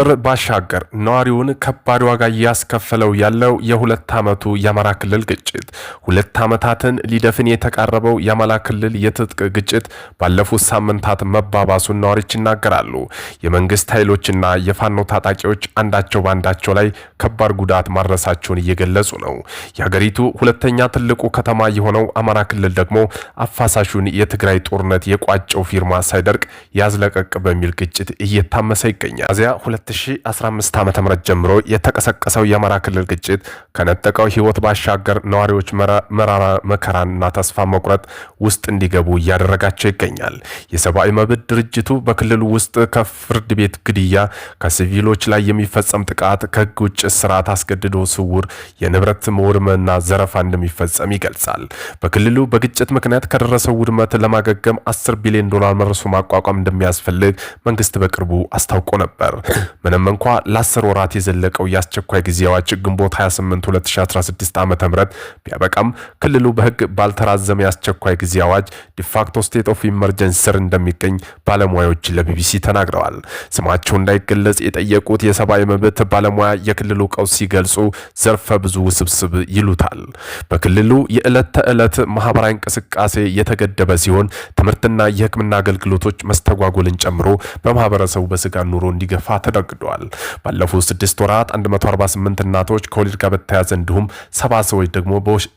ቁጥር ባሻገር ነዋሪውን ከባድ ዋጋ እያስከፈለው ያለው የሁለት ዓመቱ የአማራ ክልል ግጭት ሁለት ዓመታትን ሊደፍን የተቃረበው የአማራ ክልል የትጥቅ ግጭት ባለፉት ሳምንታት መባባሱን ነዋሪዎች ይናገራሉ። የመንግስት ኃይሎችና የፋኖ ታጣቂዎች አንዳቸው በአንዳቸው ላይ ከባድ ጉዳት ማድረሳቸውን እየገለጹ ነው። የሀገሪቱ ሁለተኛ ትልቁ ከተማ የሆነው አማራ ክልል ደግሞ አፋሳሹን የትግራይ ጦርነት የቋጨው ፊርማ ሳይደርቅ ያዝለቀቅ በሚል ግጭት እየታመሰ ይገኛል። 2015 ዓ ም ጀምሮ የተቀሰቀሰው የአማራ ክልል ግጭት ከነጠቀው ህይወት ባሻገር ነዋሪዎች መራራ መከራና ተስፋ መቁረጥ ውስጥ እንዲገቡ እያደረጋቸው ይገኛል። የሰብአዊ መብት ድርጅቱ በክልሉ ውስጥ ከፍርድ ቤት ግድያ፣ ከሲቪሎች ላይ የሚፈጸም ጥቃት፣ ከህግ ውጭ ስርዓት አስገድዶ ስውር፣ የንብረት መውድመና ዘረፋ እንደሚፈጸም ይገልጻል። በክልሉ በግጭት ምክንያት ከደረሰው ውድመት ለማገገም 10 ቢሊዮን ዶላር መልሶ ማቋቋም እንደሚያስፈልግ መንግስት በቅርቡ አስታውቆ ነበር። ምንም እንኳ ለአስር ወራት የዘለቀው የአስቸኳይ ጊዜ አዋጅ ግንቦት 28 2016 ዓ ም ቢያበቃም ክልሉ በህግ ባልተራዘመ የአስቸኳይ ጊዜ አዋጅ ዲፋክቶ ስቴት ኦፍ ኢመርጀንሲ ስር እንደሚገኝ ባለሙያዎች ለቢቢሲ ተናግረዋል። ስማቸው እንዳይገለጽ የጠየቁት የሰብአዊ መብት ባለሙያ የክልሉ ቀውስ ሲገልጹ ዘርፈ ብዙ ውስብስብ ይሉታል። በክልሉ የዕለት ተዕለት ማህበራዊ እንቅስቃሴ የተገደበ ሲሆን ትምህርትና የህክምና አገልግሎቶች መስተጓጎልን ጨምሮ በማህበረሰቡ በስጋ ኑሮ እንዲገፋ ተደርጓል። አስተናግደዋል። ባለፉት ስድስት ወራት 148 እናቶች ከወሊድ ጋር በተያዘ እንዲሁም ሰባ ሰዎች ደግሞ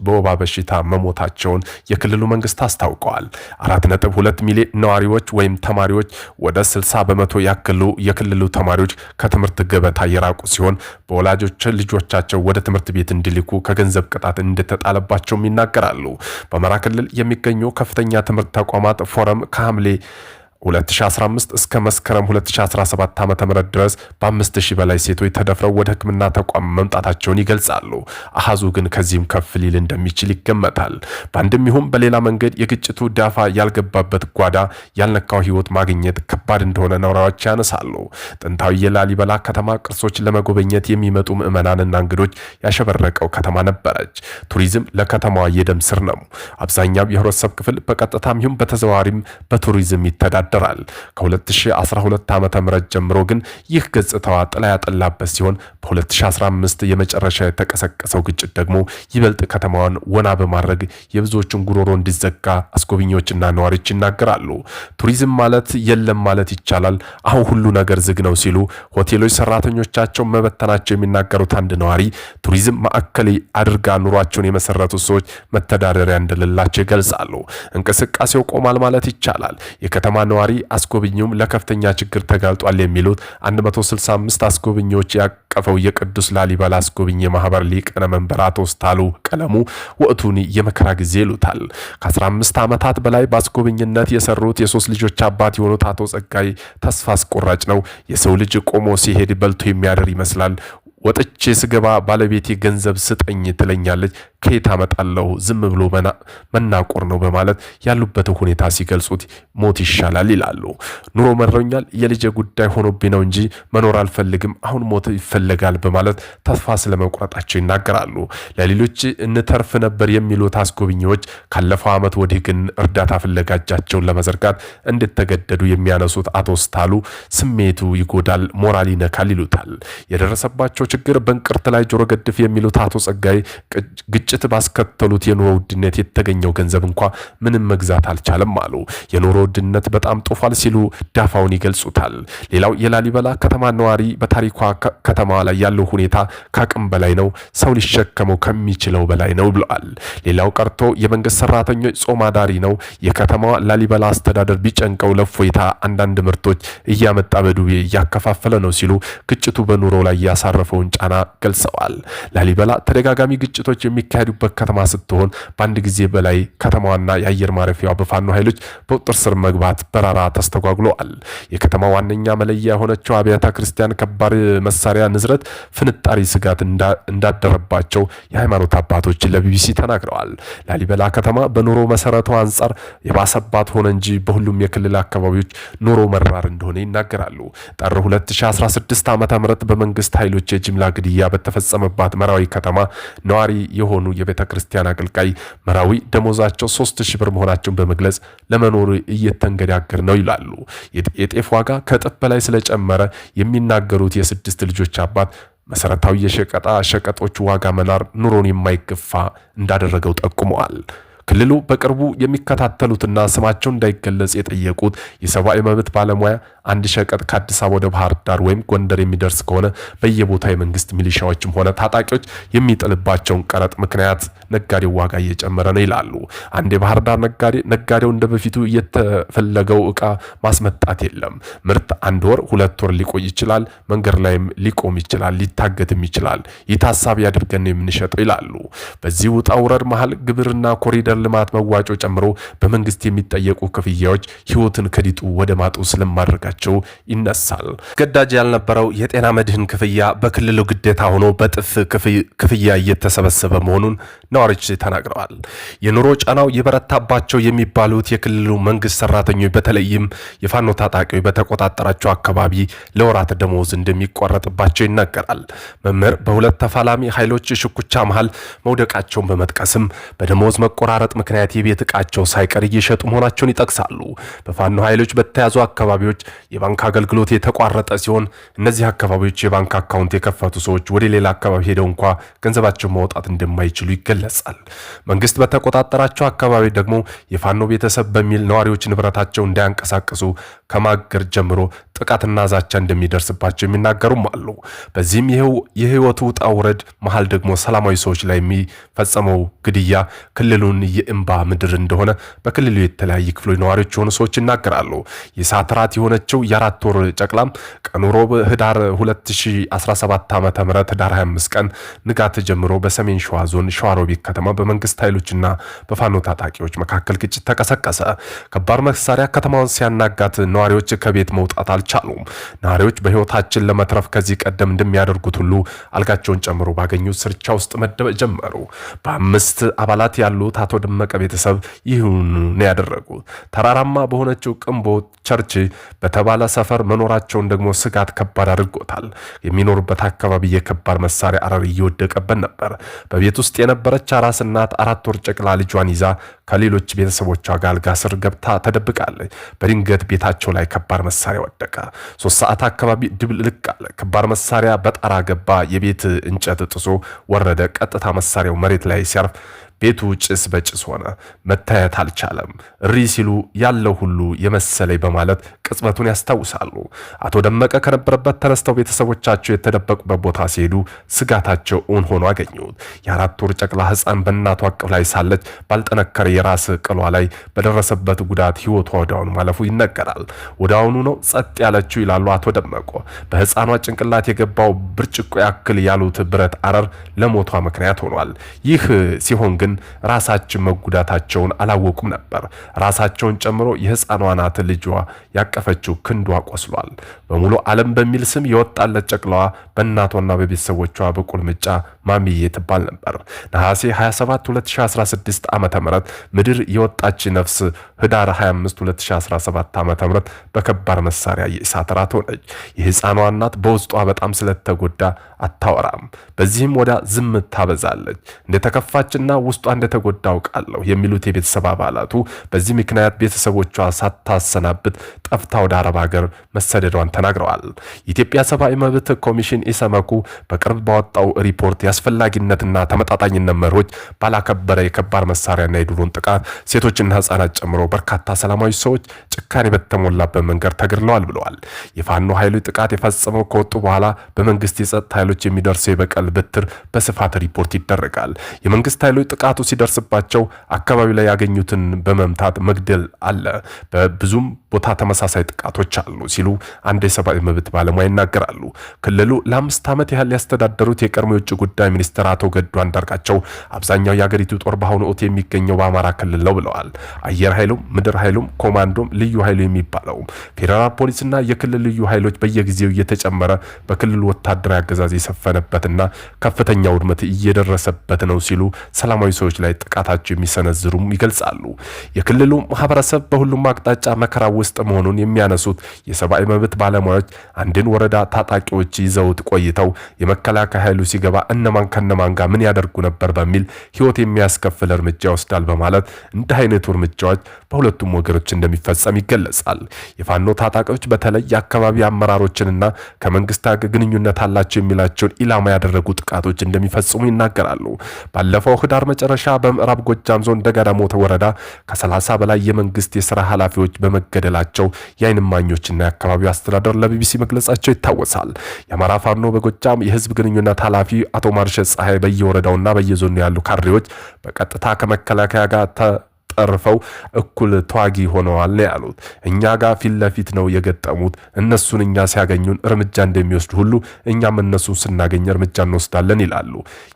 በወባ በሽታ መሞታቸውን የክልሉ መንግስት አስታውቀዋል። 4.2 ሚሊዮን ነዋሪዎች ወይም ተማሪዎች ወደ 60 በመቶ ያክሉ የክልሉ ተማሪዎች ከትምህርት ገበታ የራቁ ሲሆን በወላጆች ልጆቻቸው ወደ ትምህርት ቤት እንዲልኩ ከገንዘብ ቅጣት እንደተጣለባቸውም ይናገራሉ። በአማራ ክልል የሚገኙ ከፍተኛ ትምህርት ተቋማት ፎረም ከሐምሌ 2015 እስከ መስከረም 2017 ዓ.ም ድረስ በ5000 በላይ ሴቶች ተደፍረው ወደ ህክምና ተቋም መምጣታቸውን ይገልጻሉ። አሃዙ ግን ከዚህም ከፍ ሊል እንደሚችል ይገመታል። በአንድም ይሁን በሌላ መንገድ የግጭቱ ዳፋ ያልገባበት ጓዳ ያልነካው ህይወት ማግኘት ከባድ እንደሆነ ነዋሪዎች ያነሳሉ። ጥንታዊ የላሊበላ ከተማ ቅርሶች ለመጎብኘት የሚመጡ ምዕመናንና እንግዶች ያሸበረቀው ከተማ ነበረች። ቱሪዝም ለከተማዋ የደም ስር ነው። አብዛኛው የህብረተሰብ ክፍል በቀጥታም ይሁን በተዘዋዋሪም በቱሪዝም ይተዳል ይወዳደራል ከ ከ2012 ም ጀምሮ ግን ይህ ገጽታዋ ጥላ ያጠላበት ሲሆን በ2015 የመጨረሻ የተቀሰቀሰው ግጭት ደግሞ ይበልጥ ከተማዋን ወና በማድረግ የብዙዎችን ጉሮሮ እንዲዘጋ አስጎብኚዎችና ነዋሪዎች ይናገራሉ። ቱሪዝም ማለት የለም ማለት ይቻላል፣ አሁን ሁሉ ነገር ዝግ ነው ሲሉ ሆቴሎች ሰራተኞቻቸውን መበተናቸው የሚናገሩት አንድ ነዋሪ ቱሪዝም ማዕከል አድርጋ ኑሯቸውን የመሰረቱ ሰዎች መተዳደሪያ እንደሌላቸው ይገልጻሉ። እንቅስቃሴው ቆሟል ማለት ይቻላል። የከተማ ነዋሪ ነዋሪ አስጎብኚውም ለከፍተኛ ችግር ተጋልጧል የሚሉት 165 አስጎብኚዎች ያቀፈው የቅዱስ ላሊበላ አስጎብኚ ማህበር ሊቀነ መንበር አቶ ስታሉ ቀለሙ ወቅቱን የመከራ ጊዜ ይሉታል። ከ15 ዓመታት በላይ በአስጎብኝነት የሰሩት የሶስት ልጆች አባት የሆኑት አቶ ጸጋይ ተስፋ አስቆራጭ ነው። የሰው ልጅ ቆሞ ሲሄድ በልቶ የሚያደር ይመስላል። ወጥቼ ስገባ ባለቤቴ ገንዘብ ስጠኝ ትለኛለች። ከየት አመጣለሁ? ዝም ብሎ መናቆር ነው በማለት ያሉበትን ሁኔታ ሲገልጹት ሞት ይሻላል ይላሉ። ኑሮ መረውኛል የልጅ ጉዳይ ሆኖብኝ ነው እንጂ መኖር አልፈልግም፣ አሁን ሞት ይፈለጋል በማለት ተስፋ ስለመቁረጣቸው ይናገራሉ። ለሌሎች እንተርፍ ነበር የሚሉት አስጎብኚዎች ካለፈው ዓመት ወዲህ ግን እርዳታ ፍለጋ እጃቸውን ለመዘርጋት እንደተገደዱ የሚያነሱት አቶ ስታሉ ስሜቱ ይጎዳል፣ ሞራል ይነካል ይሉታል። የደረሰባቸው ችግር በእንቅርት ላይ ጆሮ ገድፍ የሚሉት አቶ ጸጋይ ግጭ ግጭት ባስከተሉት የኑሮ ውድነት የተገኘው ገንዘብ እንኳ ምንም መግዛት አልቻለም አሉ። የኑሮ ውድነት በጣም ጦፏል ሲሉ ዳፋውን ይገልጹታል። ሌላው የላሊበላ ከተማ ነዋሪ በታሪኳ ከተማ ላይ ያለው ሁኔታ ከአቅም በላይ ነው፣ ሰው ሊሸከመው ከሚችለው በላይ ነው ብለዋል። ሌላው ቀርቶ የመንግስት ሰራተኞች ጾም አዳሪ ነው። የከተማዋ ላሊበላ አስተዳደር ቢጨንቀው ለፎይታ አንዳንድ ምርቶች እያመጣ በዱቤ እያከፋፈለ ነው ሲሉ ግጭቱ በኑሮ ላይ ያሳረፈውን ጫና ገልጸዋል። ላሊበላ ተደጋጋሚ ግጭቶች የሚካ የሚካሄዱበት ከተማ ስትሆን በአንድ ጊዜ በላይ ከተማዋና የአየር ማረፊያዋ በፋኖ ኃይሎች በቁጥር ስር መግባት በራራ ተስተጓጉለዋል። የከተማ ዋነኛ መለያ የሆነችው አብያተ ክርስቲያን ከባድ መሳሪያ ንዝረት ፍንጣሪ ስጋት እንዳደረባቸው የሃይማኖት አባቶች ለቢቢሲ ተናግረዋል። ላሊበላ ከተማ በኑሮ መሰረቷ አንጻር የባሰባት ሆነ እንጂ በሁሉም የክልል አካባቢዎች ኑሮ መራር እንደሆነ ይናገራሉ። ጥር 2016 ዓ ም በመንግስት ኃይሎች የጅምላ ግድያ በተፈጸመባት መራዊ ከተማ ነዋሪ የሆኑ የቤተ ክርስቲያን አገልጋይ መራዊ ደሞዛቸው ሶስት ሺህ ብር መሆናቸውን በመግለጽ ለመኖር እየተንገዳገር ነው ይላሉ። የጤፍ ዋጋ ከእጥፍ በላይ ስለጨመረ የሚናገሩት የስድስት ልጆች አባት መሰረታዊ የሸቀጣ ሸቀጦች ዋጋ መናር ኑሮን የማይገፋ እንዳደረገው ጠቁመዋል። ክልሉ በቅርቡ የሚከታተሉትና ስማቸው እንዳይገለጽ የጠየቁት የሰብአዊ መብት ባለሙያ አንድ ሸቀጥ ከአዲስ አበባ ወደ ባህር ዳር ወይም ጎንደር የሚደርስ ከሆነ በየቦታ የመንግስት ሚሊሻዎችም ሆነ ታጣቂዎች የሚጥልባቸውን ቀረጥ ምክንያት ነጋዴው ዋጋ እየጨመረ ነው ይላሉ። አንድ የባህር ዳር ነጋዴ ነጋዴው እንደ በፊቱ የተፈለገው እቃ ማስመጣት የለም። ምርት አንድ ወር ሁለት ወር ሊቆይ ይችላል። መንገድ ላይም ሊቆም ይችላል፣ ሊታገትም ይችላል። ይህ ታሳቢ አድርገን የምንሸጠው ይላሉ። በዚህ ውጣ ውረድ መሀል ግብርና ኮሪደር ልማት መዋጮ ጨምሮ በመንግስት የሚጠየቁ ክፍያዎች ህይወትን ከዲጡ ወደ ማጡ ስለማድረጋቸው ይነሳል። አስገዳጅ ያልነበረው የጤና መድህን ክፍያ በክልሉ ግዴታ ሆኖ በጥፍ ክፍያ እየተሰበሰበ መሆኑን ነዋሪዎች ተናግረዋል። የኑሮ ጫናው የበረታባቸው የሚባሉት የክልሉ መንግስት ሰራተኞች በተለይም የፋኖ ታጣቂዎች በተቆጣጠራቸው አካባቢ ለወራት ደሞዝ እንደሚቋረጥባቸው ይናገራል። መምህር በሁለት ተፋላሚ ኃይሎች ሽኩቻ መሃል መውደቃቸውን በመጥቀስም በደሞዝ መቆራ መቋረጥ ምክንያት የቤት እቃቸው ሳይቀር እየሸጡ መሆናቸውን ይጠቅሳሉ። በፋኖ ኃይሎች በተያዙ አካባቢዎች የባንክ አገልግሎት የተቋረጠ ሲሆን እነዚህ አካባቢዎች የባንክ አካውንት የከፈቱ ሰዎች ወደ ሌላ አካባቢ ሄደው እንኳ ገንዘባቸው ማውጣት እንደማይችሉ ይገለጻል። መንግስት በተቆጣጠራቸው አካባቢ ደግሞ የፋኖ ቤተሰብ በሚል ነዋሪዎች ንብረታቸው እንዳያንቀሳቀሱ ከማገር ጀምሮ ጥቃትና ዛቻ እንደሚደርስባቸው የሚናገሩም አሉ። በዚህም የህይወቱ ውጣ ውረድ መሀል ደግሞ ሰላማዊ ሰዎች ላይ የሚፈጸመው ግድያ ክልሉን የእንባ ምድር እንደሆነ በክልሉ የተለያዩ ክፍሎች ነዋሪዎች የሆኑ ሰዎች ይናገራሉ። የእሳት ራት የሆነችው የአራት ወር ጨቅላም ቀኑ ሮብ ህዳር 2017 ዓ ም ህዳር 25 ቀን ንጋት ጀምሮ በሰሜን ሸዋ ዞን ሸዋሮቢት ከተማ በመንግስት ኃይሎችና በፋኖ ታጣቂዎች መካከል ግጭት ተቀሰቀሰ። ከባድ መሳሪያ ከተማውን ሲያናጋት ነዋሪዎች ከቤት መውጣት አልቻ ቻሉ ናሪዎች በህይወታችን ለመትረፍ ከዚህ ቀደም እንደሚያደርጉት ሁሉ አልጋቸውን ጨምሮ ባገኙት ስርቻ ውስጥ መደበቅ ጀመሩ። በአምስት አባላት ያሉት አቶ ደመቀ ቤተሰብ ይህኑ ያደረጉት ተራራማ በሆነችው ቅንቦ ቸርች በተባለ ሰፈር መኖራቸውን ደግሞ ስጋት ከባድ አድርጎታል። የሚኖሩበት አካባቢ የከባድ መሳሪያ አረር እየወደቀበት ነበር። በቤት ውስጥ የነበረች አራስ እናት አራት ወር ጨቅላ ልጇን ይዛ ከሌሎች ቤተሰቦቿ ጋር አልጋ ስር ገብታ ተደብቃለች። በድንገት ቤታቸው ላይ ከባድ መሳሪያ ወደቀ። ደረቀ። ሶስት ሰዓት አካባቢ ድብልቅ አለ። ከባድ መሳሪያ በጣራ ገባ። የቤት እንጨት ጥሶ ወረደ። ቀጥታ መሳሪያው መሬት ላይ ሲያርፍ ቤቱ ጭስ በጭስ ሆነ። መታየት አልቻለም። እሪ ሲሉ ያለው ሁሉ የመሰለኝ በማለት ቅጽበቱን ያስታውሳሉ። አቶ ደመቀ ከነበረበት ተነስተው ቤተሰቦቻቸው የተደበቁበት ቦታ ሲሄዱ ስጋታቸው እውን ሆኖ አገኙት። የአራት ወር ጨቅላ ሕፃን በእናቷ አቅፍ ላይ ሳለች ባልጠነከረ የራስ ቅሏ ላይ በደረሰበት ጉዳት ህይወቷ ወዲያውኑ ማለፉ ይነገራል። ወዲያውኑ ነው ጸጥ ያለችው ይላሉ አቶ ደመቆ። በሕፃኗ ጭንቅላት የገባው ብርጭቆ ያክል ያሉት ብረት አረር ለሞቷ ምክንያት ሆኗል። ይህ ሲሆን ግን ግን ራሳችን መጉዳታቸውን አላወቁም ነበር። ራሳቸውን ጨምሮ የህፃኗ ናት ልጇ ያቀፈችው ክንዷ ቆስሏል። በሙሉ ዓለም በሚል ስም የወጣለት ጨቅላዋ በእናቷና በቤተሰቦቿ በቁልምጫ ማሚዬ ትባል ነበር። ነሐሴ 27 2016 ዓ ም ምድር የወጣች ነፍስ ህዳር 25 2017 ዓ ም በከባድ መሳሪያ የእሳት ራት ሆነች። የህፃኗ እናት በውስጧ በጣም ስለተጎዳ አታወራም። በዚህም ወዳ ዝም ታበዛለች። እንደተከፋችና ውስጧ እንደተጎዳ አውቃለሁ የሚሉት የቤተሰብ አባላቱ በዚህ ምክንያት ቤተሰቦቿ ሳታሰናብት ጠፍታ ወደ አረብ ሀገር መሰደዷን ተናግረዋል። የኢትዮጵያ ሰብአዊ መብት ኮሚሽን ኢሰመኩ በቅርብ ባወጣው ሪፖርት የአስፈላጊነትና ተመጣጣኝነት መርሆች ባላከበረ የከባድ መሳሪያና የድሮን ጥቃት ሴቶችና ህጻናት ጨምሮ በርካታ ሰላማዊ ሰዎች ጭካኔ በተሞላበት መንገድ ተገድለዋል ብለዋል። የፋኖ ኃይሎች ጥቃት የፈጸመው ከወጡ በኋላ በመንግስት የጸጥታ ኃይሎች የሚደርሰው የበቀል ብትር በስፋት ሪፖርት ይደረጋል። የመንግስት ኃይሎች ጥቃቱ ሲደርስባቸው አካባቢ ላይ ያገኙትን በመምታት መግደል አለ። በብዙም ቦታ ተመሳሳይ ጥቃቶች አሉ ሲሉ አንድ የሰብአዊ መብት ባለሙያ ይናገራሉ። ክልሉ ለአምስት ዓመት ያህል ያስተዳደሩት የቀድሞ የውጭ ጉዳይ ጉዳይ ሚኒስትር አቶ ገዱ አንዳርጋቸው አብዛኛው የአገሪቱ ጦር በአሁኑ ወቅት የሚገኘው በአማራ ክልል ነው ብለዋል። አየር ኃይሉም ምድር ኃይሉም ኮማንዶም ልዩ ኃይሉ የሚባለው ፌዴራል ፖሊስና የክልል ልዩ ኃይሎች በየጊዜው እየተጨመረ በክልሉ ወታደራዊ አገዛዝ የሰፈነበትና ከፍተኛ ውድመት እየደረሰበት ነው ሲሉ ሰላማዊ ሰዎች ላይ ጥቃታቸው የሚሰነዝሩም ይገልጻሉ። የክልሉ ማህበረሰብ በሁሉም አቅጣጫ መከራ ውስጥ መሆኑን የሚያነሱት የሰብአዊ መብት ባለሙያዎች አንድን ወረዳ ታጣቂዎች ይዘውት ቆይተው የመከላከያ ኃይሉ ሲገባ እነ እነማን ከነማን ጋር ምን ያደርጉ ነበር በሚል ህይወት የሚያስከፍል እርምጃ ይወስዳል በማለት እንደ አይነቱ እርምጃዎች በሁለቱም ወገኖች እንደሚፈጸም ይገለጻል። የፋኖ ታጣቂዎች በተለይ የአካባቢ አመራሮችንና ከመንግስት ግንኙነት አላቸው የሚላቸውን ኢላማ ያደረጉ ጥቃቶች እንደሚፈጽሙ ይናገራሉ። ባለፈው ህዳር መጨረሻ በምዕራብ ጎጃም ዞን ደጋዳሞት ወረዳ ከ30 በላይ የመንግስት የስራ ኃላፊዎች በመገደላቸው የአይን እማኞችና የአካባቢው አስተዳደር ለቢቢሲ መግለጻቸው ይታወሳል። የአማራ ፋኖ በጎጃም የህዝብ ግንኙነት ኃላፊ አቶ ማርሸት ፀሐይ በየወረዳውና በየዞኑ ያሉ ካድሬዎች በቀጥታ ከመከላከያ ጋር ተጠርፈው እኩል ተዋጊ ሆነዋል ነው ያሉት። እኛ ጋር ፊት ለፊት ነው የገጠሙት። እነሱን እኛ ሲያገኙን እርምጃ እንደሚወስዱ ሁሉ እኛም እነሱን ስናገኝ እርምጃ እንወስዳለን ይላሉ።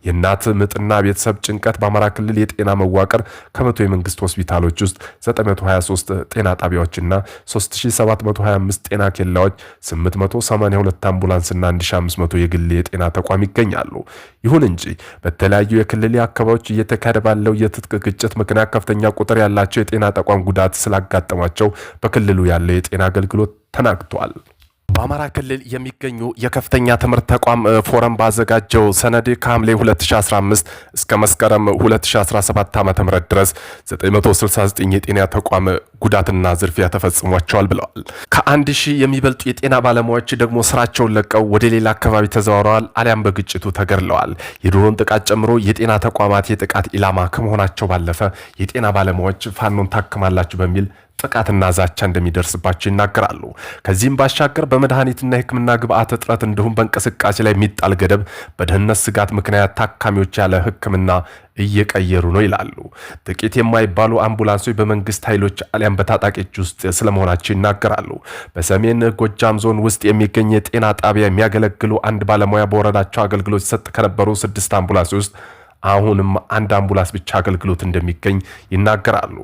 የእናት ምጥና ቤተሰብ ጭንቀት በአማራ ክልል የጤና መዋቅር ከመቶ የመንግስት ሆስፒታሎች ውስጥ 923 ጤና ጣቢያዎችና 3725 ጤና ኬላዎች፣ 882 አምቡላንስና 1500 የግል የጤና ተቋም ይገኛሉ። ይሁን እንጂ በተለያዩ የክልል አካባቢዎች እየተካሄደ ባለው የትጥቅ ግጭት ምክንያት ከፍተኛ ቁጥር ያላቸው የጤና ተቋም ጉዳት ስላጋጠማቸው በክልሉ ያለው የጤና አገልግሎት ተናግቷል። በአማራ ክልል የሚገኙ የከፍተኛ ትምህርት ተቋም ፎረም ባዘጋጀው ሰነድ ከሐምሌ 2015 እስከ መስከረም 2017 ዓ ም ድረስ 969 የጤና ተቋም ጉዳትና ዝርፊያ ተፈጽሟቸዋል ብለዋል። ከአንድ ሺህ የሚበልጡ የጤና ባለሙያዎች ደግሞ ስራቸውን ለቀው ወደ ሌላ አካባቢ ተዘዋውረዋል አሊያም በግጭቱ ተገድለዋል። የድሮን ጥቃት ጨምሮ የጤና ተቋማት የጥቃት ኢላማ ከመሆናቸው ባለፈ የጤና ባለሙያዎች ፋኖን ታክማላችሁ በሚል ጥቃትና ዛቻ እንደሚደርስባቸው ይናገራሉ። ከዚህም ባሻገር በመድኃኒትና የሕክምና ግብአት እጥረት እንዲሁም በእንቅስቃሴ ላይ የሚጣል ገደብ በደህንነት ስጋት ምክንያት ታካሚዎች ያለ ሕክምና እየቀየሩ ነው ይላሉ። ጥቂት የማይባሉ አምቡላንሶች በመንግስት ኃይሎች አሊያም በታጣቂዎች ውስጥ ስለመሆናቸው ይናገራሉ። በሰሜን ጎጃም ዞን ውስጥ የሚገኝ የጤና ጣቢያ የሚያገለግሉ አንድ ባለሙያ በወረዳቸው አገልግሎት ሰጥ ከነበሩ ስድስት አምቡላንሶች ውስጥ አሁንም አንድ አምቡላንስ ብቻ አገልግሎት እንደሚገኝ ይናገራሉ።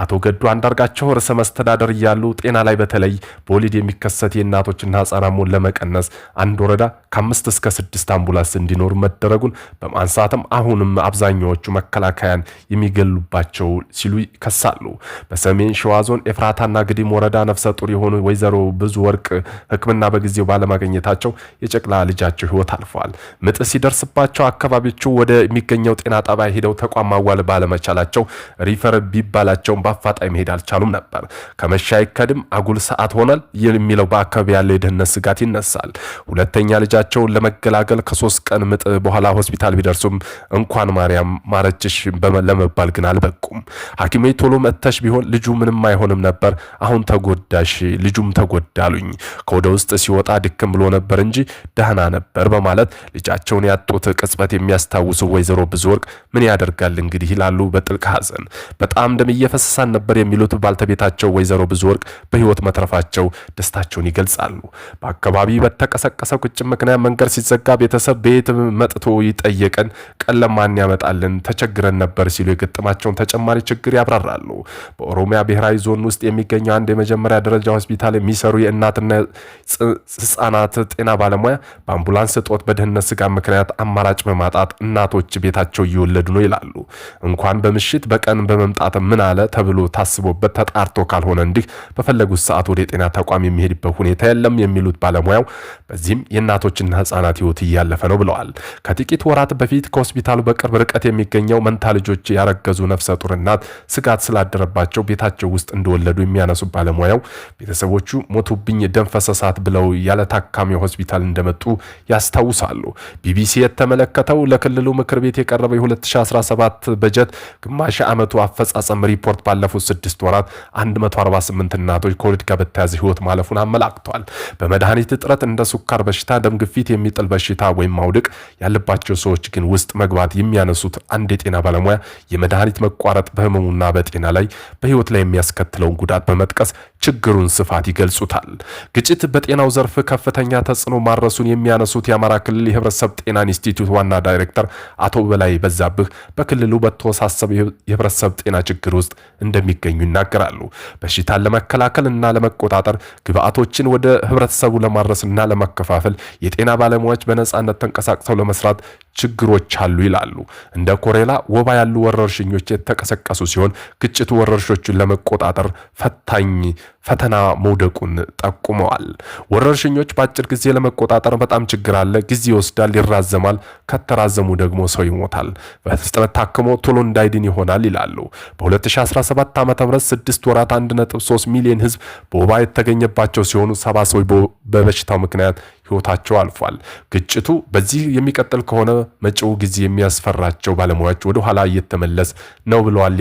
አቶ ገዱ አንዳርጋቸው ርዕሰ መስተዳደር እያሉ ጤና ላይ በተለይ በወሊድ የሚከሰት የእናቶችና ህጻናት ሞትን ለመቀነስ አንድ ወረዳ ከአምስት እስከ ስድስት አምቡላንስ እንዲኖር መደረጉን በማንሳትም አሁንም አብዛኛዎቹ መከላከያን የሚገሉባቸው ሲሉ ይከሳሉ። በሰሜን ሸዋ ዞን ኤፍራታና ግዲም ወረዳ ነፍሰ ጡር የሆኑ ወይዘሮ ብዙ ወርቅ ሕክምና በጊዜው ባለማግኘታቸው የጨቅላ ልጃቸው ህይወት አልፏል። ምጥ ሲደርስባቸው አካባቢዎቹ ወደሚገኝ ወደሚገኘው ጤና ጣቢያ ሄደው ተቋም ማዋል ባለመቻላቸው ሪፈር ቢባላቸውን በአፋጣኝ መሄድ አልቻሉም ነበር። ከመሻ አይከድም፣ አጉል ሰዓት ሆናል የሚለው በአካባቢ ያለ የደህንነት ስጋት ይነሳል። ሁለተኛ ልጃቸውን ለመገላገል ከሶስት ቀን ምጥ በኋላ ሆስፒታል ቢደርሱም እንኳን ማርያም ማረችሽ ለመባል ግን አልበቁም። ሐኪሜ ቶሎ መጥተሽ ቢሆን ልጁ ምንም አይሆንም ነበር፣ አሁን ተጎዳሽ፣ ልጁም ተጎዳሉኝ ከወደ ውስጥ ሲወጣ ድክም ብሎ ነበር እንጂ ደህና ነበር በማለት ልጃቸውን ያጡት ቅጽበት የሚያስታውሱ ወይዘሮ በአይምሮ ብዙ ወርቅ ምን ያደርጋል እንግዲህ ይላሉ በጥልቅ ሐዘን። በጣም ደም እየፈሰሳን ነበር የሚሉት ባልተቤታቸው ወይዘሮ ብዙ ወርቅ በህይወት መትረፋቸው ደስታቸውን ይገልጻሉ። በአካባቢ በተቀሰቀሰ ቁጭት ምክንያት መንገድ ሲዘጋ ቤተሰብ ቤት መጥቶ ይጠየቀን ቀለም ያመጣልን ተቸግረን ነበር ሲሉ የገጠማቸውን ተጨማሪ ችግር ያብራራሉ። በኦሮሚያ ብሔራዊ ዞን ውስጥ የሚገኘው አንድ የመጀመሪያ ደረጃ ሆስፒታል የሚሰሩ የእናትና ህጻናት ጤና ባለሙያ በአምቡላንስ እጦት በደህንነት ስጋት ምክንያት አማራጭ በማጣት እናቶች ቤት በቤታቸው እየወለዱ ነው ይላሉ። እንኳን በምሽት በቀን በመምጣት ምን አለ ተብሎ ታስቦበት ተጣርቶ ካልሆነ እንዲህ በፈለጉት ሰዓት ወደ ጤና ተቋም የሚሄድበት ሁኔታ የለም የሚሉት ባለሙያው፣ በዚህም የእናቶችና ህጻናት ህይወት እያለፈ ነው ብለዋል። ከጥቂት ወራት በፊት ከሆስፒታሉ በቅርብ ርቀት የሚገኘው መንታ ልጆች ያረገዙ ነፍሰ ጡር እናት ስጋት ስላደረባቸው ቤታቸው ውስጥ እንደወለዱ የሚያነሱ ባለሙያው ቤተሰቦቹ ሞቱብኝ፣ ደም ፈሰሳት ብለው ያለ ታካሚ ሆስፒታል እንደመጡ ያስታውሳሉ። ቢቢሲ የተመለከተው ለክልሉ ምክር ቤት የቀረበው የ2017 በጀት ግማሽ ዓመቱ አፈጻጸም ሪፖርት ባለፉት ስድስት ወራት 148 እናቶች ከወሊድ ጋር በተያያዘ ህይወት ማለፉን አመላክቷል። በመድኃኒት እጥረት እንደ ሱካር በሽታ፣ ደም ግፊት፣ የሚጥል በሽታ ወይም ማውደቅ ያለባቸው ሰዎች ግን ውስጥ መግባት የሚያነሱት አንድ የጤና ባለሙያ የመድኃኒት መቋረጥ በህመሙና በጤና ላይ በህይወት ላይ የሚያስከትለውን ጉዳት በመጥቀስ ችግሩን ስፋት ይገልጹታል። ግጭት በጤናው ዘርፍ ከፍተኛ ተጽዕኖ ማድረሱን የሚያነሱት የአማራ ክልል የህብረተሰብ ጤና ኢንስቲትዩት ዋና ዳይሬክተር አቶ በላይ በዛብህ በክልሉ በተወሳሰበ የህብረተሰብ ጤና ችግር ውስጥ እንደሚገኙ ይናገራሉ። በሽታን ለመከላከል እና ለመቆጣጠር ግብአቶችን ወደ ህብረተሰቡ ለማድረስና ለማከፋፈል የጤና ባለሙያዎች በነጻነት ተንቀሳቅሰው ለመስራት ችግሮች አሉ ይላሉ። እንደ ኮሬላ ወባ ያሉ ወረርሽኞች የተቀሰቀሱ ሲሆን ግጭቱ ወረርሾቹን ለመቆጣጠር ፈታኝ ፈተና መውደቁን ጠቁመዋል። ወረርሽኞች በአጭር ጊዜ ለመቆጣጠር በጣም ችግር አለ። ጊዜ ይወስዳል፣ ይራዘማል። ከተራዘሙ ደግሞ ሰው ይሞታል። በፍጥነት ታክሞ ቶሎ እንዳይድን ይሆናል ይላሉ። በ2017 ዓ ም ስድስት ወራት 1.3 ሚሊዮን ህዝብ በወባ የተገኘባቸው ሲሆኑ ሰባ ሰዎች በበሽታው ምክንያት ህይወታቸው አልፏል። ግጭቱ በዚህ የሚቀጥል ከሆነ መጪው ጊዜ የሚያስፈራቸው ባለሙያዎች ወደ ኋላ እየተመለስ ነው ብለዋል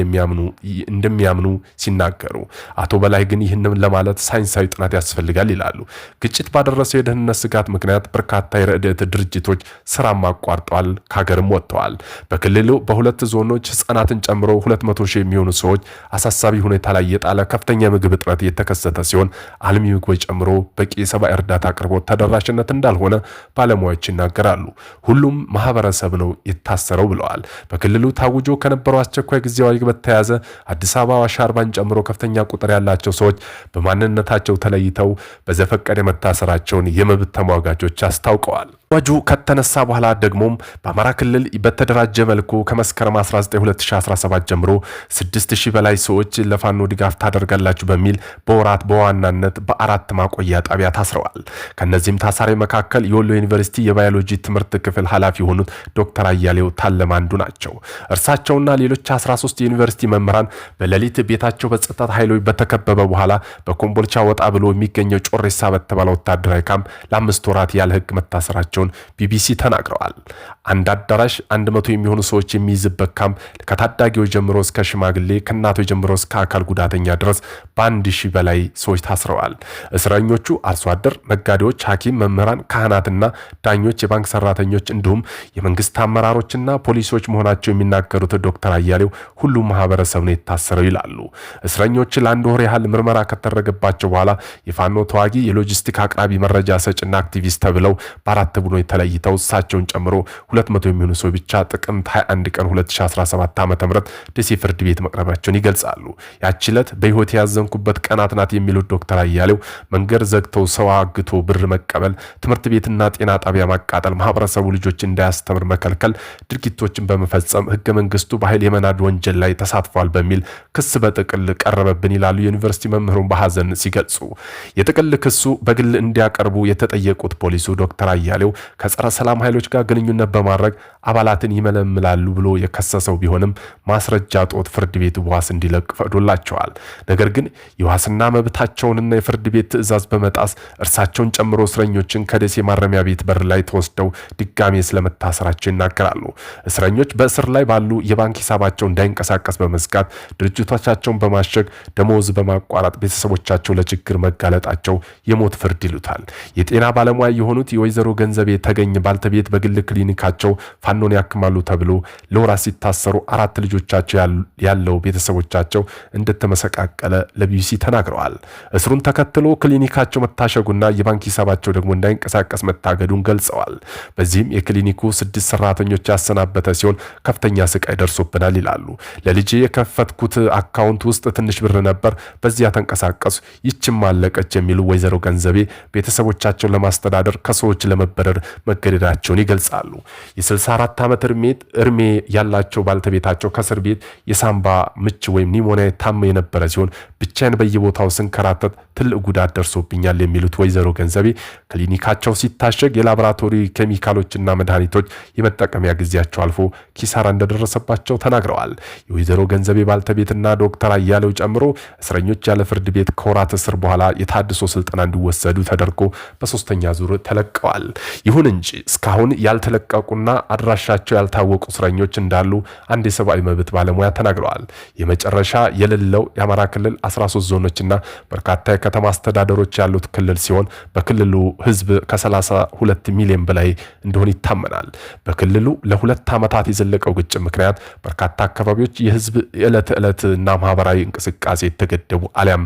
እንደሚያምኑ ሲናገሩ፣ አቶ በላይ ግን ይህንን ለማለት ሳይንሳዊ ጥናት ያስፈልጋል ይላሉ። ግጭት ባደረሰው የደህንነት ስጋት ምክንያት በርካታ የረድኤት ድርጅቶች ስራም አቋርጠዋል፣ ከሀገርም ወጥተዋል። በክልሉ በሁለት ዞኖች ህጻናትን ጨምሮ 200 ሺህ የሚሆኑ ሰዎች አሳሳቢ ሁኔታ ላይ የጣለ ከፍተኛ የምግብ እጥረት የተከሰተ ሲሆን አልሚ ምግቦች ጨምሮ በቂ የሰብአዊ እርዳታ አቅርቦት ተደራሽ ተነሳሽነት እንዳልሆነ ባለሙያዎች ይናገራሉ። ሁሉም ማህበረሰብ ነው የታሰረው ብለዋል። በክልሉ ታውጆ ከነበረው አስቸኳይ ጊዜ አዋጅ በተያያዘ አዲስ አበባ ሻርባን ጨምሮ ከፍተኛ ቁጥር ያላቸው ሰዎች በማንነታቸው ተለይተው በዘፈቀደ መታሰራቸውን የመብት ተሟጋቾች አስታውቀዋል። አዋጁ ከተነሳ በኋላ ደግሞም በአማራ ክልል በተደራጀ መልኩ ከመስከረም 192017 ጀምሮ 6000 በላይ ሰዎች ለፋኖ ድጋፍ ታደርጋላችሁ በሚል በወራት በዋናነት በአራት ማቆያ ጣቢያ ታስረዋል። ከነዚህም ታሳሪ መካከል የወሎ ዩኒቨርሲቲ የባዮሎጂ ትምህርት ክፍል ኃላፊ የሆኑት ዶክተር አያሌው ታለም አንዱ ናቸው። እርሳቸውና ሌሎች 13 የዩኒቨርሲቲ መምህራን በሌሊት ቤታቸው በጸጥታ ኃይሎች በተከበበ በኋላ በኮምቦልቻ ወጣ ብሎ የሚገኘው ጮሬሳ በተባለ ወታደራዊ ካምፕ ለአምስት ወራት ያለ ህግ መታሰራቸው መሆናቸውን ቢቢሲ ተናግረዋል። አንድ አዳራሽ አንድ መቶ የሚሆኑ ሰዎች የሚይዝበት ካምፕ ከታዳጊዎች ጀምሮ እስከ ሽማግሌ፣ ከእናቶች ጀምሮ እስከ አካል ጉዳተኛ ድረስ በአንድ ሺህ በላይ ሰዎች ታስረዋል። እስረኞቹ አርሶ አደር፣ ነጋዴዎች፣ ሐኪም፣ መምህራን፣ ካህናትና ዳኞች፣ የባንክ ሰራተኞች እንዲሁም የመንግስት አመራሮችና ፖሊሶች መሆናቸው የሚናገሩት ዶክተር አያሌው ሁሉም ማህበረሰብ ነው የታሰረው ይላሉ። እስረኞች ለአንድ ወር ያህል ምርመራ ከተደረገባቸው በኋላ የፋኖ ተዋጊ፣ የሎጂስቲክ አቅራቢ፣ መረጃ ሰጭና አክቲቪስት ተብለው በአራት ቡድኖች ተለይተው እሳቸውን ጨምሮ 200 የሚሆኑ ሰው ብቻ ጥቅምት 21 ቀን 2017 ዓ ም ደሴ ፍርድ ቤት መቅረባቸውን ይገልጻሉ። ያቺ ዕለት ያዘንኩበት ቀናት ናት የሚሉት ዶክተር አያሌው መንገድ ዘግተው ሰው አግቶ ብር መቀበል፣ ትምህርት ቤትና ጤና ጣቢያ ማቃጠል፣ ማህበረሰቡ ልጆች እንዳያስተምር መከልከል ድርጊቶችን በመፈጸም ህገ መንግስቱ በኃይል የመናድ ወንጀል ላይ ተሳትፏል በሚል ክስ በጥቅል ቀረበብን ይላሉ የዩኒቨርሲቲ መምህሩን በሐዘን ሲገልጹ። የጥቅል ክሱ በግል እንዲያቀርቡ የተጠየቁት ፖሊሱ ዶክተር አያሌው ከጸረ ሰላም ኃይሎች ጋር ግንኙነት በማድረግ አባላትን ይመለምላሉ ብሎ የከሰሰው ቢሆንም ማስረጃ ጦት ፍርድ ቤት በዋስ እንዲለቅ ፈቅዶላቸዋል። ነገር ግን የዋስና መብታቸውንና የፍርድ ቤት ትዕዛዝ በመጣስ እርሳቸውን ጨምሮ እስረኞችን ከደሴ ማረሚያ ቤት በር ላይ ተወስደው ድጋሜ ስለመታሰራቸው ይናገራሉ። እስረኞች በእስር ላይ ባሉ የባንክ ሂሳባቸው እንዳይንቀሳቀስ በመዝጋት ድርጅቶቻቸውን በማሸግ ደሞዝ በማቋረጥ ቤተሰቦቻቸው ለችግር መጋለጣቸው የሞት ፍርድ ይሉታል። የጤና ባለሙያ የሆኑት የወይዘሮ ገንዘብ ባልተቤት ተገኝ ባልተቤት በግል ክሊኒካቸው ፋኖን ያክማሉ ተብሎ ለወራት ሲታሰሩ አራት ልጆቻቸው ያለው ቤተሰቦቻቸው እንደተመሰቃቀለ ለቢቢሲ ተናግረዋል። እስሩን ተከትሎ ክሊኒካቸው መታሸጉና የባንክ ሂሳባቸው ደግሞ እንዳይንቀሳቀስ መታገዱን ገልጸዋል። በዚህም የክሊኒኩ ስድስት ሰራተኞች ያሰናበተ ሲሆን ከፍተኛ ስቃይ ደርሶብናል ይላሉ። ለልጄ የከፈትኩት አካውንት ውስጥ ትንሽ ብር ነበር፣ በዚያ ተንቀሳቀሱ፣ ይችም አለቀች የሚሉ ወይዘሮ ገንዘቤ ቤተሰቦቻቸውን ለማስተዳደር ከሰዎች ለመበደር ለመውሰድ መገደዳቸውን ይገልጻሉ። የ64 ዓመት እድሜ ያላቸው ባልተቤታቸው ከእስር ቤት የሳምባ ምች ወይም ኒሞኒያ የታመ የነበረ ሲሆን ብቻዬን በየቦታው ስንከራተት ትልቅ ጉዳት ደርሶብኛል የሚሉት ወይዘሮ ገንዘቤ ክሊኒካቸው ሲታሸግ የላቦራቶሪ ኬሚካሎችና መድኃኒቶች የመጠቀሚያ ጊዜያቸው አልፎ ኪሳራ እንደደረሰባቸው ተናግረዋል። የወይዘሮ ገንዘቤ ባልተቤትና ዶክተር አያሌው ጨምሮ እስረኞች ያለ ፍርድ ቤት ከወራት እስር በኋላ የታድሶ ስልጠና እንዲወሰዱ ተደርጎ በሶስተኛ ዙር ተለቀዋል። ይሁን እንጂ እስካሁን ያልተለቀቁና አድራሻቸው ያልታወቁ እስረኞች እንዳሉ አንድ የሰብአዊ መብት ባለሙያ ተናግረዋል። የመጨረሻ የሌለው የአማራ ክልል 13 ዞኖችና በርካታ የከተማ አስተዳደሮች ያሉት ክልል ሲሆን በክልሉ ህዝብ ከ32 ሚሊዮን በላይ እንደሆነ ይታመናል። በክልሉ ለሁለት ዓመታት የዘለቀው ግጭት ምክንያት በርካታ አካባቢዎች የህዝብ የዕለት ዕለትና ማህበራዊ እንቅስቃሴ የተገደቡ አሊያም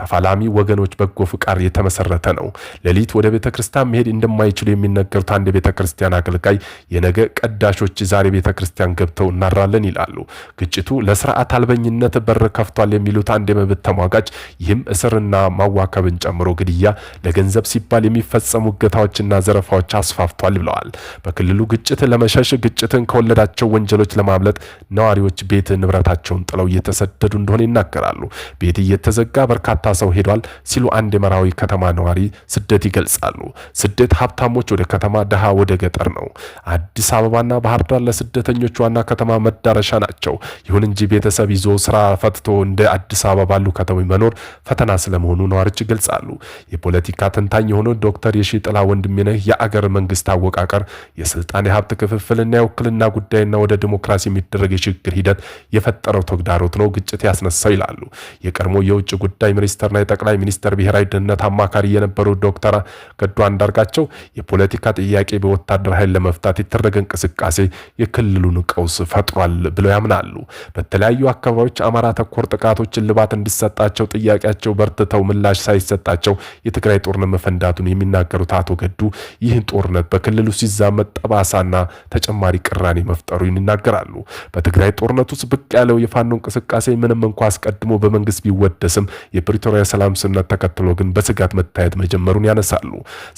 ተፋላሚ ወገኖች በጎ ፍቃድ የተመሰረተ ነው። ሌሊት ወደ ቤተ ክርስቲያን መሄድ እንደማይችሉ የሚነገሩት አንድ የቤተ ክርስቲያን አገልጋይ የነገ ቀዳሾች ዛሬ ቤተ ክርስቲያን ገብተው እናራለን ይላሉ። ግጭቱ ለስርዓት አልበኝነት በር ከፍቷል የሚሉት አንድ የመብት ተሟጋች ይህም እስርና ማዋከብን ጨምሮ ግድያ፣ ለገንዘብ ሲባል የሚፈጸሙ እገታዎችና ዘረፋዎች አስፋፍቷል ብለዋል። በክልሉ ግጭት ለመሸሽ ግጭትን ከወለዳቸው ወንጀሎች ለማምለጥ ነዋሪዎች ቤት ንብረታቸውን ጥለው እየተሰደዱ እንደሆነ ይናገራሉ። ቤት እየተዘጋ በርካታ በርካታ ሰው ሄዷል ሲሉ አንድ የመራዊ ከተማ ነዋሪ ስደት ይገልጻሉ። ስደት ሀብታሞች ወደ ከተማ፣ ድሃ ወደ ገጠር ነው። አዲስ አበባና ባህር ዳር ለስደተኞች ዋና ከተማ መዳረሻ ናቸው። ይሁን እንጂ ቤተሰብ ይዞ ስራ ፈትቶ እንደ አዲስ አበባ ባሉ ከተሞች መኖር ፈተና ስለመሆኑ ነዋሪዎች ይገልጻሉ። የፖለቲካ ተንታኝ የሆነው ዶክተር የሺጥላ ወንድሜነህ የአገር መንግስት አወቃቀር፣ የስልጣን የሀብት ክፍፍልና የውክልና ጉዳይና ወደ ዲሞክራሲ የሚደረግ የሽግግር ሂደት የፈጠረው ተግዳሮት ነው ግጭት ያስነሳው ይላሉ። የቀድሞ የውጭ ጉዳይ ሚኒስትር ሚኒስትርና የጠቅላይ ሚኒስትር ብሔራዊ ደህንነት አማካሪ የነበሩ ዶክተር ገዱ አንዳርጋቸው የፖለቲካ ጥያቄ በወታደር ኃይል ለመፍታት የተደረገ እንቅስቃሴ የክልሉን ቀውስ ፈጥሯል ብለው ያምናሉ። በተለያዩ አካባቢዎች አማራ ተኮር ጥቃቶች እልባት እንዲሰጣቸው ጥያቄያቸው በርትተው ምላሽ ሳይሰጣቸው የትግራይ ጦርነት መፈንዳቱን የሚናገሩት አቶ ገዱ ይህን ጦርነት በክልሉ ሲዛመት ጠባሳና ተጨማሪ ቅራኔ መፍጠሩ ይናገራሉ። በትግራይ ጦርነት ውስጥ ብቅ ያለው የፋኖ እንቅስቃሴ ምንም እንኳ አስቀድሞ በመንግስት ቢወደስም የፕሪቶ የፕሪቶሪያ የሰላም ስምነት ተከትሎ ግን በስጋት መታየት መጀመሩን ያነሳሉ።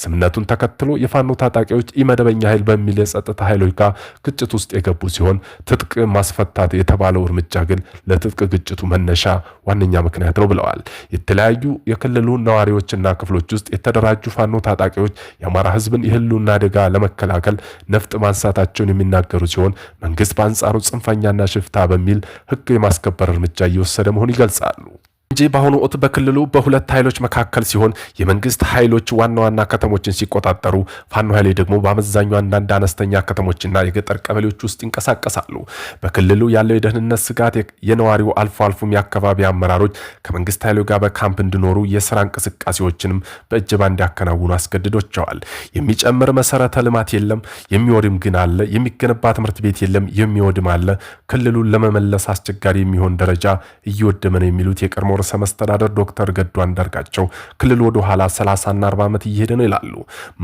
ስምነቱን ተከትሎ የፋኖ ታጣቂዎች ኢመደበኛ ኃይል በሚል የጸጥታ ኃይሎች ጋር ግጭት ውስጥ የገቡ ሲሆን ትጥቅ ማስፈታት የተባለው እርምጃ ግን ለትጥቅ ግጭቱ መነሻ ዋነኛ ምክንያት ነው ብለዋል። የተለያዩ የክልሉ ነዋሪዎችና ክፍሎች ውስጥ የተደራጁ ፋኖ ታጣቂዎች የአማራ ህዝብን የህልውና አደጋ ለመከላከል ነፍጥ ማንሳታቸውን የሚናገሩ ሲሆን መንግስት በአንጻሩ ጽንፈኛና ሽፍታ በሚል ህግ የማስከበር እርምጃ እየወሰደ መሆኑን ይገልጻሉ። እንጂ በአሁኑ ወቅት በክልሉ በሁለት ኃይሎች መካከል ሲሆን የመንግስት ኃይሎች ዋና ዋና ከተሞችን ሲቆጣጠሩ፣ ፋኖ ኃይሎች ደግሞ በአመዛኙ አንዳንድ አነስተኛ ከተሞችና የገጠር ቀበሌዎች ውስጥ ይንቀሳቀሳሉ። በክልሉ ያለው የደህንነት ስጋት የነዋሪው አልፎ አልፎም የአካባቢ አመራሮች ከመንግስት ኃይሎች ጋር በካምፕ እንዲኖሩ የስራ እንቅስቃሴዎችንም በእጅባ እንዲያከናውኑ አስገድዶቸዋል። የሚጨምር መሰረተ ልማት የለም፣ የሚወድም ግን አለ። የሚገነባ ትምህርት ቤት የለም፣ የሚወድም አለ። ክልሉን ለመመለስ አስቸጋሪ የሚሆን ደረጃ እየወደመ ነው የሚሉት የቀድሞ ርዕሰ መስተዳደር ዶክተር ገዱ አንዳርጋቸው ክልል ወደ ኋላ 30 እና 40 ዓመት እየሄደ ነው ይላሉ።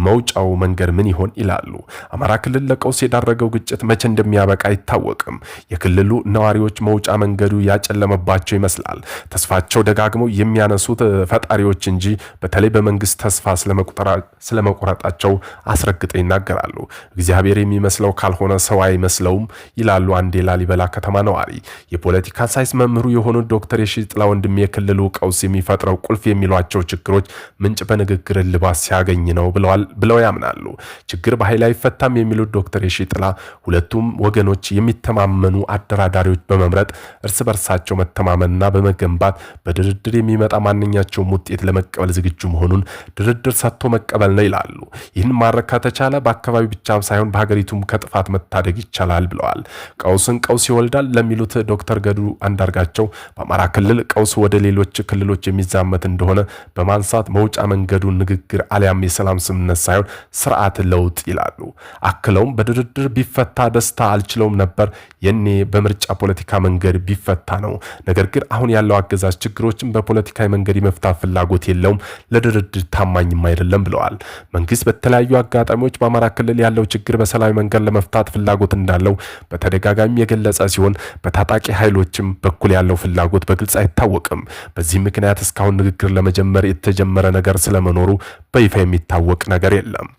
መውጫው መንገድ ምን ይሆን ይላሉ። አማራ ክልል ለቀውስ የዳረገው ግጭት መቼ እንደሚያበቃ አይታወቅም። የክልሉ ነዋሪዎች መውጫ መንገዱ ያጨለመባቸው ይመስላል። ተስፋቸው ደጋግመው የሚያነሱት ፈጣሪዎች እንጂ በተለይ በመንግስት ተስፋ ስለመቆረጣቸው አስረግጠው ይናገራሉ። እግዚአብሔር የሚመስለው ካልሆነ ሰው አይመስለውም ይላሉ አንዴ የላሊበላ ከተማ ነዋሪ የፖለቲካ ሳይንስ መምህሩ የሆኑት ዶክተር ጥላ ወንድሜ የክልሉ ቀውስ የሚፈጥረው ቁልፍ የሚሏቸው ችግሮች ምንጭ በንግግር እልባት ሲያገኝ ነው ብለው ያምናሉ። ችግር በኃይል አይፈታም የሚሉት ዶክተር የሺጥላ ሁለቱም ወገኖች የሚተማመኑ አደራዳሪዎች በመምረጥ እርስ በርሳቸው መተማመንና በመገንባት በድርድር የሚመጣ ማንኛቸውም ውጤት ለመቀበል ዝግጁ መሆኑን ድርድር ሰጥቶ መቀበል ነው ይላሉ። ይህን ማድረግ ከተቻለ በአካባቢ ብቻ ሳይሆን በሀገሪቱም ከጥፋት መታደግ ይቻላል ብለዋል። ቀውስን ቀውስ ይወልዳል ለሚሉት ዶክተር ገዱ አንዳርጋቸው በአማራ ክልል ቀውስ ወደ ወደ ሌሎች ክልሎች የሚዛመት እንደሆነ በማንሳት መውጫ መንገዱ ንግግር አሊያም የሰላም ስምምነት ሳይሆን ስርዓት ለውጥ ይላሉ። አክለውም በድርድር ቢፈታ ደስታ አልችለውም ነበር፣ የኔ በምርጫ ፖለቲካ መንገድ ቢፈታ ነው። ነገር ግን አሁን ያለው አገዛዝ ችግሮችን በፖለቲካዊ መንገድ የመፍታት ፍላጎት የለውም፣ ለድርድር ታማኝም አይደለም ብለዋል። መንግስት በተለያዩ አጋጣሚዎች በአማራ ክልል ያለው ችግር በሰላማዊ መንገድ ለመፍታት ፍላጎት እንዳለው በተደጋጋሚ የገለጸ ሲሆን በታጣቂ ኃይሎችም በኩል ያለው ፍላጎት በግልጽ አይታወቅም። በዚህ ምክንያት እስካሁን ንግግር ለመጀመር የተጀመረ ነገር ስለመኖሩ በይፋ የሚታወቅ ነገር የለም።